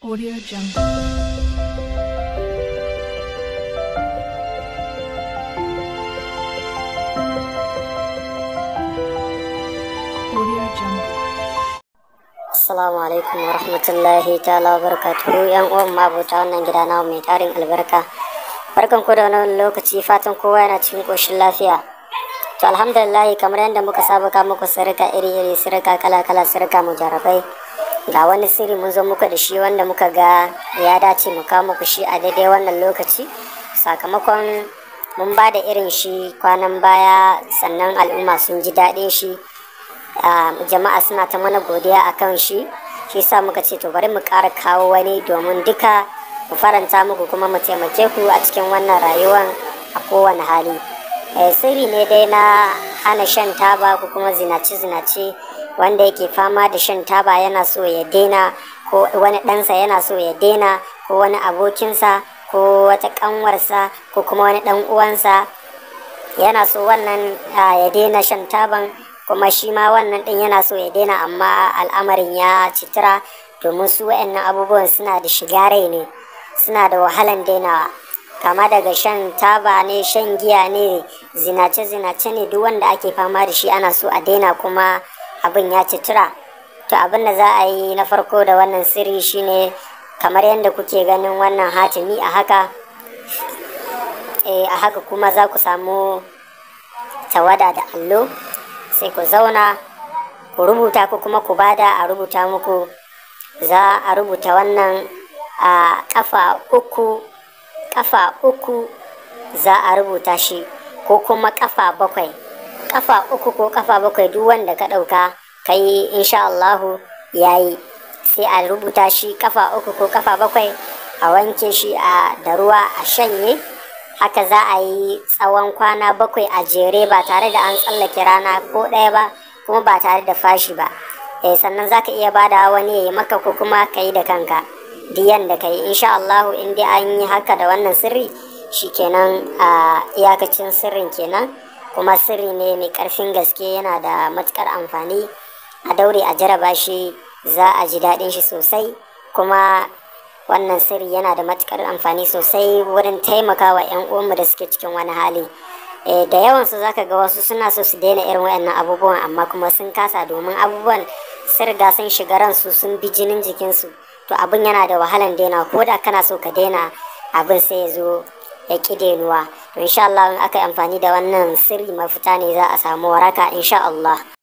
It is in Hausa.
Audio Assalamu alaikum wa rahmatullahi ta'ala wa barakatuhu yan uwan mabuta wannan gida na mai tarin albarka. Barkan ku da wani lokaci fatan kowa yana cikin koshin lafiya. To alhamdulillah kamar yadda muka saba ka muku sirka iri iri sirka kala kala sirka mujarabai ga wani siri mun zo muka da shi wanda muka ga ya dace mu kawo muku shi a daidai wannan lokaci sakamakon mun ba da irin shi kwanan baya sannan al'umma sun ji daɗin shi jama'a suna ta mana godiya a kan shi shi sa muka ce to bari mu ƙara kawo wani domin duka mu faranta muku kuma mu taimake ku a cikin wannan rayuwar a kowane hali eh, siri ne dai na hana shan taba ko kuma zinace-zinace wanda yake fama da shan taba yana so ya daina ko wani ɗansa yana so ya daina ko wani abokinsa ko wata ƙanwarsa ko kuma wani ɗan uwansa yana so wannan ya daina shan taban kuma shi ma wannan ɗin yana so ya daina amma al'amarin ya citira domin su wa'annan abubuwan suna da shiga rai ne suna da wahalan dainawa kama daga shan taba ne shan giya ne zinace-zinace ne duk wanda ake fama da shi ana so a daina kuma abin ya tura to abin da za a yi na farko da wannan sirri shine kamar yadda kuke ganin wannan hatimi a haka eh, a haka kuma za ku samu tawada da allo sai ku zauna ku rubuta ko kuma ku bada a rubuta muku za a rubuta wannan a kafa uku kafa uku za a rubuta shi ko kuma kafa bakwai kafa uku ko kafa bakwai duk wanda ka ɗauka ka yi insha Allahu ya yi sai a rubuta shi kafa uku ko kafa bakwai a wanke shi a da ruwa a shanye haka za a yi tsawon kwana bakwai a jere ba tare da an tsallake rana ko ɗaya ba kuma ba tare da fashi ba eh sannan za ka iya ba bada wani ya yi maka ko kuma ka yi da kanka diyan da ka yi insha Allahu in dai an yi haka da wannan sirri shikenan a iyakacin sirrin kenan kuma sirri ne mai ƙarfin gaske yana da matuƙar amfani a daure a jaraba shi za a ji daɗin shi sosai kuma wannan sirri yana da matuƙar amfani sosai wurin taimakawa 'yan uwanmu da suke cikin wani hali eh, da yawan su zaka ga wasu suna so su daina irin wayannan abubuwan amma kuma sun kasa domin abubuwan sirga sun shiga ransu sun bi jinin jikinsu to abin yana da wahalan daina ko da kana so ka daina abin sai ya zo ya ƙi denuwa to insha Allah in aka yi amfani da wannan sirri mafita ne za a samu waraka insha Allah